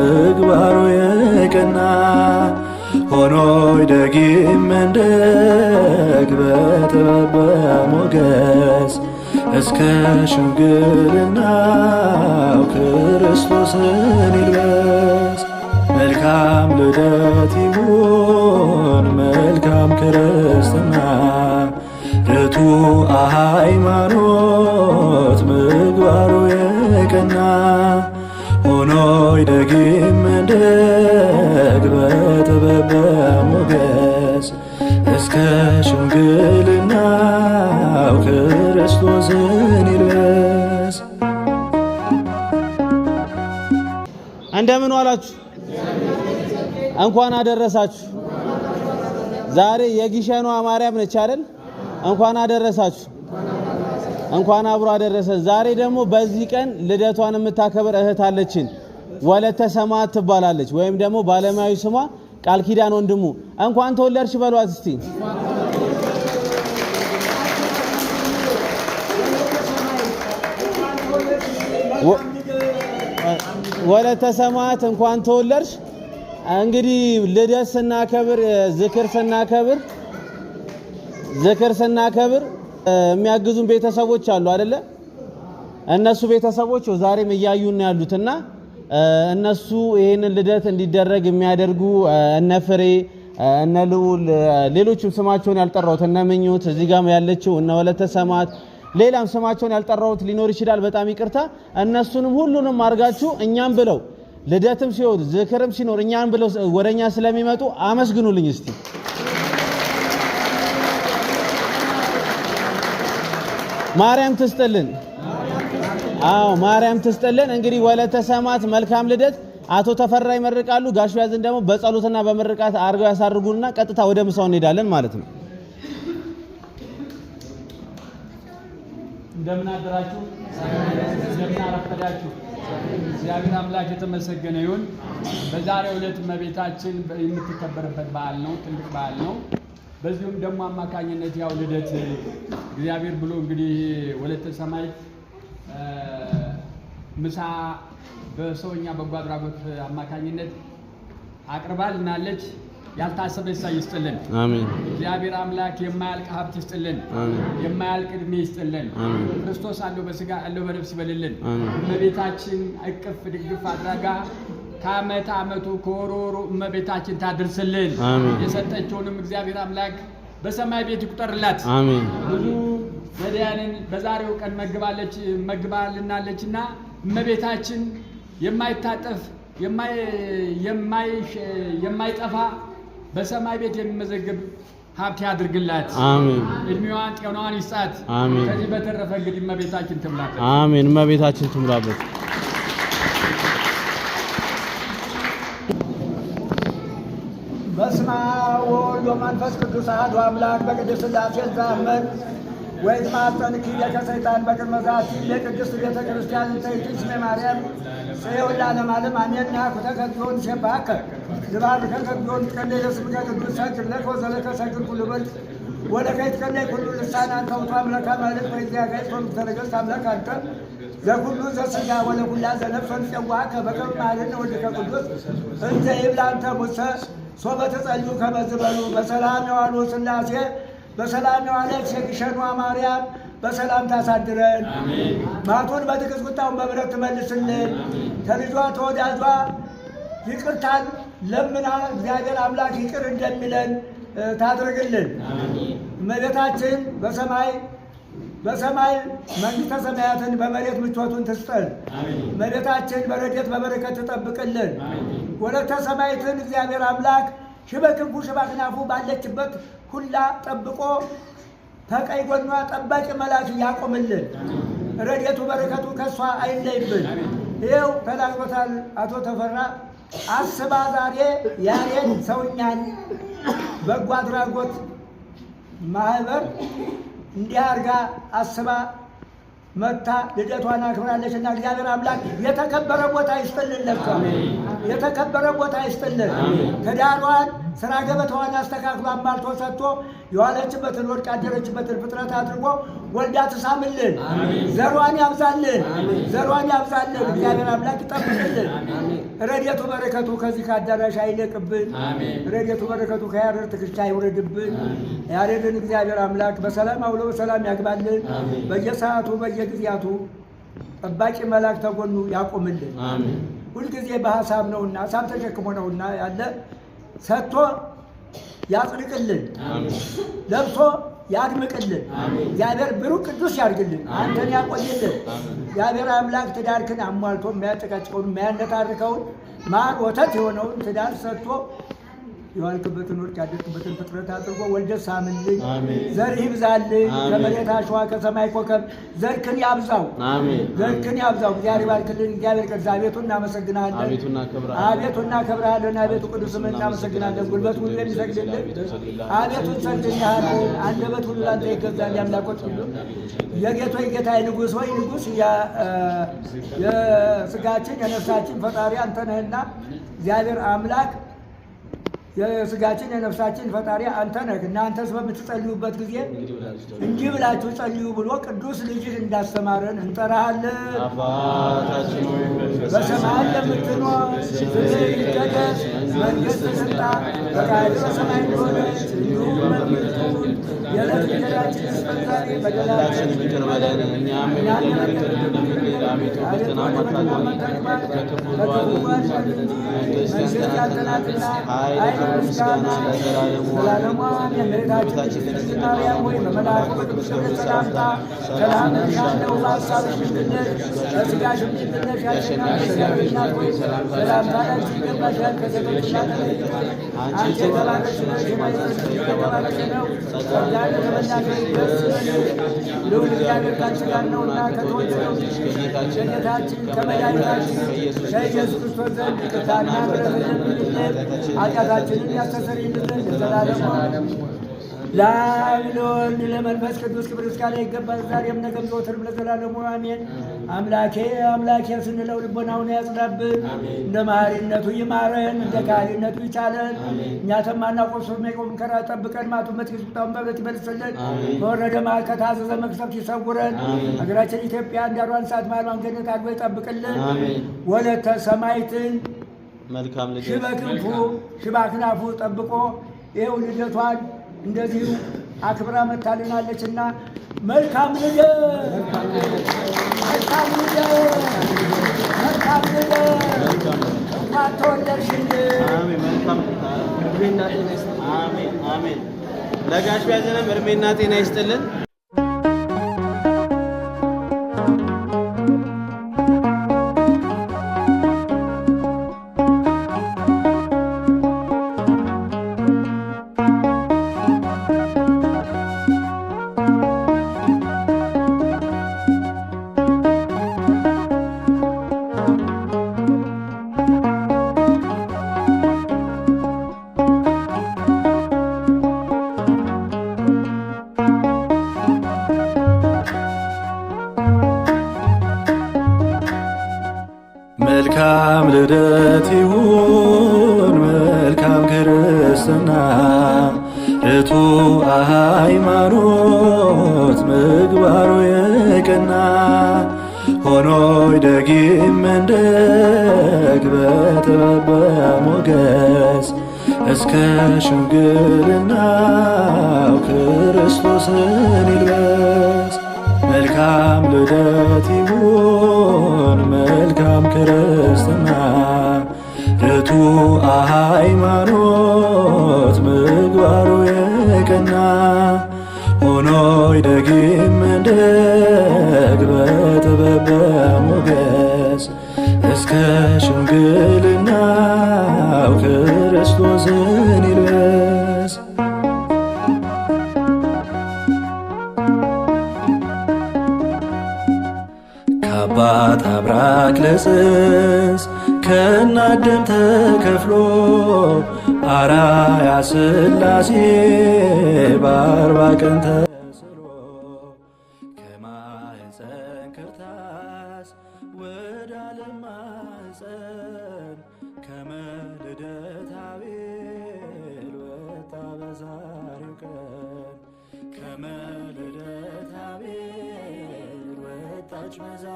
ምግባሩ የቀና ሆኖይ ደጊም መንደግ በጥበብ ሞገስ እስከ ሽምግልናው ክርስቶስን ይልበስ። መልካም ልደት ይሁን መልካም ክርስትና ርቱ ሃይማኖት ምግባሩ የቀና ሆይ ደግም እንደግ በጥበብ በሞገስ እስከ ሽምግልናው ክርስቶስን ይልበስ። እንደምን ዋላችሁ? እንኳን አደረሳችሁ። ዛሬ የግሸኗ ማርያም ነች አይደል? እንኳን አደረሳችሁ። እንኳን አብሮ አደረሰን። ዛሬ ደግሞ በዚህ ቀን ልደቷን የምታከብር እህት አለችን። ወለተ ወለተሰማ ትባላለች። ወይም ደግሞ ባለሙያዊ ስሟ ቃል ኪዳን ወንድሙ እንኳን ተወለድሽ በሏት እስቲ። ሰማት እንኳን ተወለድሽ። እንግዲህ ልደት ስናከብር ዝክር ስናከብር ዝክር ስናከብር የሚያግዙን ቤተሰቦች አሉ አይደለ? እነሱ ቤተሰቦች ዛሬም እያዩን ያሉትና እነሱ ይህንን ልደት እንዲደረግ የሚያደርጉ እነ ፍሬ እነ ልዑል ሌሎችም ስማቸውን ያልጠራሁት እነ ምኞት እዚህ ያለችው እነ ወለተ ሰማት ሌላም ስማቸውን ያልጠራሁት ሊኖር ይችላል። በጣም ይቅርታ። እነሱንም ሁሉንም አድርጋችሁ እኛም ብለው ልደትም ሲሆን ዝክርም ሲኖር እኛም ብለው ወደኛ ስለሚመጡ አመስግኑልኝ እስቲ። ማርያም ትስጥልን። አዎ ማርያም ትስጥልን። እንግዲህ ወለተሰማት መልካም ልደት። አቶ ተፈራ ይመርቃሉ። ጋሽ ያዝን ደግሞ በጸሎትና በምርቃት አድርገው ያሳርጉና ቀጥታ ወደ ምሳው እንሄዳለን ማለት ነው። እንደምን አደራችሁ? እንደምን አረፈዳችሁ? እግዚአብሔር አምላክ የተመሰገነ ይሁን። በዛሬው ዕለት እመቤታችን የምትከበርበት በዓል ነው፣ ትልቅ በዓል ነው። በዚሁም ደግሞ አማካኝነት ያው ልደት እግዚአብሔር ብሎ እንግዲህ ወለተ ሰማይ ምሳ በሰውኛ በጎ አድራጎት አማካኝነት አቅርባልናለች። ያልታሰበ ሳ ይስጥልን። አሜን። እግዚአብሔር አምላክ የማያልቅ ሀብት ይስጥልን። አሜን። የማያልቅ እድሜ ይስጥልን። አሜን። ክርስቶስ አለው በስጋ አለው በነፍስ ይበልልን። አሜን። እመቤታችን እቅፍ ድግፍ አድራጋ ከአመት አመቱ ከወሩ ወሩ እመቤታችን ታድርስልን። አሜን። የሰጠችውንም እግዚአብሔር አምላክ በሰማይ ቤት ይቁጠርላት። አሜን። ብዙ ነዳያንን በዛሬው ቀን መግባለች መግባልናለችና እመቤታችን የማይታጠፍ የማይጠፋ በሰማይ ቤት የሚመዘግብ ሀብት ያድርግላት። አሜን። እድሜዋን ጤናዋን ይስጣት። አሜን። ከዚህ በተረፈ እንግዲህ እመቤታችን ትምላበት። አሜን። እመቤታችን ትምላበት። በስመ አብ ወወልድ ወመንፈስ ቅዱስ አሐዱ አምላክ በቅድስት ሥላሴ ወይ ወይትማፀንኪ ቤተ ሰይጣን በቅድመ ሰዓቲ ለቅድስት ቤተ ክርስቲያን እንተይቱ ስመ ማርያም ሰየው ለዓለመ ዓለም አሜን። ናኩተ ከግዮን ሴባከ ዝባርከ ከግዮን ትቀለይ ለስምከ ቅዱስ ሰክር ለከ ወዘለከ ሰክር ኩሉ መልክ ወለከ ይትቀለይ ኩሉ ልሳን አንተ ውእቱ አምላከ አማልክት ጋይ ጋይቶን ተረገስ አምላክ አንተ ለኩሉ ዘሥጋ ወለኩላ ዘነፍስ ጸዋከ በከመ ማለት ወደ ቅዱስ እንተ ይብላ አንተ ሙሰ ሶበ ተጸልዩ ከመ ዝበሉ በሰላም የዋሉ ስላሴ በሰላም የዋለች የግሸኗ ማርያም በሰላም ታሳድረን። ማቱን በትዕግስት ቁጣውን በምሕረት ትመልስልን። ከልጇ ተወዳጇ ይቅርታን ለምና እግዚአብሔር አምላክ ይቅር እንደሚለን ታድርግልን። እመቤታችን በሰማይ በሰማይ መንግሥተ ሰማያትን በመሬት ምቾቱን ትስጠን። እመቤታችን በረድኤት በበረከት ትጠብቅልን። ወለተ ሰማይትን እግዚአብሔር አምላክ ሽበ ክንፉ ባለችበት ሁላ ጠብቆ ከቀኝ ጎኗ ጠባቂ መላክ ያቆምልን። ረድኤቱ በረከቱ ከእሷ አይለይብን። ይኸው ተላልቆታል አቶ ተፈራ አስባ ዛሬ ያሬን ሰውኛን በጎ አድራጎት ማህበር እንዲህ አድርጋ አስባ መታ ልደቷን አክብራለች እና እግዚአብሔር አምላክ የተከበረ ቦታ ይስጥልን። ለብሷ የተከበረ ቦታ ይስጥልን። ትዳሯን ስራ ገበታዋን አስተካክሎ አማልቶ ሰጥቶ የዋለችበትን ወድቅ ያደረችበትን ፍጥረት አድርጎ ወልዳ ትሳምልን፣ ዘሯን ያብዛልን፣ ዘሯን ያብዛልን። እግዚአብሔር አምላክ ይጠብቅልን። ረድኤቱ በረከቱ ከዚህ ከአዳራሽ አይለቅብን። ረድኤቱ በረከቱ ከያሬድ ትከሻ አይውረድብን። ያሬድን እግዚአብሔር አምላክ በሰላም አውሎ በሰላም ያግባልን። በየሰዓቱ በየጊዜያቱ ጠባቂ መልአክ ተጎኑ ያቆምልን። ሁልጊዜ በሀሳብ ነውና ሀሳብ ተሸክሞ ነውና ያለ ሰጥቶ ያጽድቅልን፣ ለብሶ ያድምቅልን። እግዚአብሔር ብሩህ ቅዱስ ያድርግልን፣ አንተን ያቆይልን። እግዚአብሔር አምላክ ትዳርክን አሟልቶ የሚያጨቀጭቀውን የሚያነታርከውን ማር ወተት የሆነውን ትዳር ሰጥቶ የዋልክበትን ወርቅ ያደርክበትን ፍጥረት አድርጎ ወልደ ሳምልኝ፣ ዘር ይብዛልኝ ከመሬት አሸዋ ከሰማይ ኮከብ ዘርክን ያብዛው፣ ዘርክን ያብዛው። እግዚአብሔር ይባርክልን። እግዚአብሔር ቅዱስ አቤቱ እናመሰግናለን፣ አቤቱ እናከብርሃለን፣ አቤቱ ቅዱስም እናመሰግናለን። ጉልበት ሁሉ የሚሰግድልን አቤቱ እንሰግድልሃለን። አንደበት ሁሉ ላንተ ይገዛል። ያምላቆች ሁሉ የጌቶ የጌታ ንጉሥ ወይ ንጉሥ የስጋችን የነፍሳችን ፈጣሪ አንተ ነህና እግዚአብሔር አምላክ የስጋችን የነፍሳችን ፈጣሪ አንተ ነህ። እናንተስ በምትጸልዩበት ጊዜ እንዲህ ብላችሁ ጸልዩ ብሎ ቅዱስ ልጅህ እንዳስተማረን እንጠራሃለን። በሰማይ ለምትኖር ስምህ ይቀደስ፣ መንግሥትህ ትምጣ፣ ፈቃድህ በሰማይ እንደሆነች በደላችን ይቅር በለን እኛም የበደሉንን ይቅር እንደምንል። አቤቱ ፈተናን አታግባን ከክፉ አድነን። መንግሥትን ትናንትና፣ ኃይል፣ ክብር፣ ምስጋና ለዘላለሙ አሜን። እመቤታችን ቅድስት ማርያም ሆይ በመልአኩ ቅዱስ ገብርኤል ሰላምታ ሰላምሽ አለው በአሳብሽ ምንትነሽ በሥጋሽ ምንትነሽ ያሸናፊ እግዚአብሔር ናት ሆይ ሰላምታ ለአንቺ ይገባሻል። ከሴቶች ተለይተሽ አንቺ የተባረክሽ ነሽ፣ ማኅፀንሽ የተባረከ ነው። ጸጋን የተመላሽ ልዑል እግዚአብሔር ካንቺ ጋር ነውና ከተወደደው ከጌታችን ከመድኃኒታችን ከኢየሱስ ክርስቶስ ዘንድ ይቅርታና ምሕረት ኃጢአታችንን ያስተሰርይልን ዘንድ ዘላለሙ ለአብ ለወልድ ለመንፈስ ቅዱስ ክብር ምስጋና ይገባል፣ ዛሬም ነገም ዘወትርም ለዘላለሙ አሜን። አምላኬ አምላኬ ስንለው ልቦናውን ያጽናብን፣ እንደ መሐሪነቱ ይማረን፣ እንደ ካህሪነቱ ይቻለን። እኛ ተማናቆሶ መቆምከራ ጠብቀን ማቱ መትክስ ቁጣውን በብረት ይመልስልን። በወረደ መዓል ከታዘዘ መቅሰፍት ይሰውረን። ሀገራችን ኢትዮጵያ እንዳሯን ሰዓት ማሏን ገነት አድርጎ ይጠብቅልን። ወለተ ሰማይትን መልካም ልጅ ሽበክንፉ ሽባክናፉ ጠብቆ ይኸው ልደቷን እንደዚሁ አክብራ መታልናለች እና መልካም ልደት፣ መልካም ልደት፣ ለጋሽ እድሜና ጤና ይስጥልን። ልደት ይሁን መልካም ክርስትና እቱ ሃይማኖት ምግባሩ የቀና ሆኖይ ደጊም እንደግ በጥበብ ሞገስ እስከ ሽምግልናው ክርስቶስን ይልበስ መልካም ልደት ይሁን መልካም ክርስትና ርቱ ሃይማኖት ምግባሩ የቀና ሆኖይ ደግም መንደግ በጥበብ ሞገስ እስከ ሽምግልናው ክርስቶስን ይልበስ አባት አብራክ ለጽንስ ከናደም ተከፍሎ አራያ ስላሴ በአርባ ቀን ተስሎ ከማህፀን ክርታስ ወደ ዓለም ማህፀን ከመልደታ ቤል ወጣ በዛሬው ቀን ከመልደታ ቤል ወጣች በዛ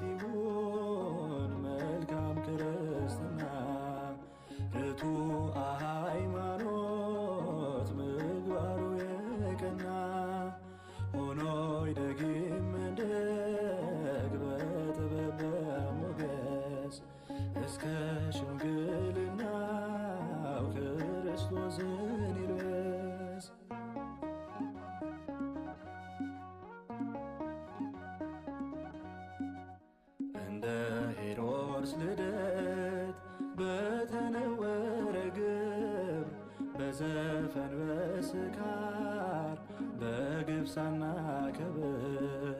জীবন በዘፈን በስካር በግብሳና ክብር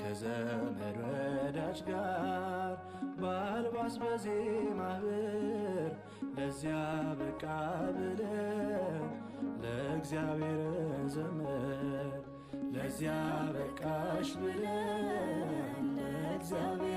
ከዘመድ ወዳጅ ጋር በአልባስ በዜማ ህብር ለዚያ በቃ ብለን ለእግዚአብሔር ዘመር ለዚያ በቃሽ ብለን ለእግዚአብሔር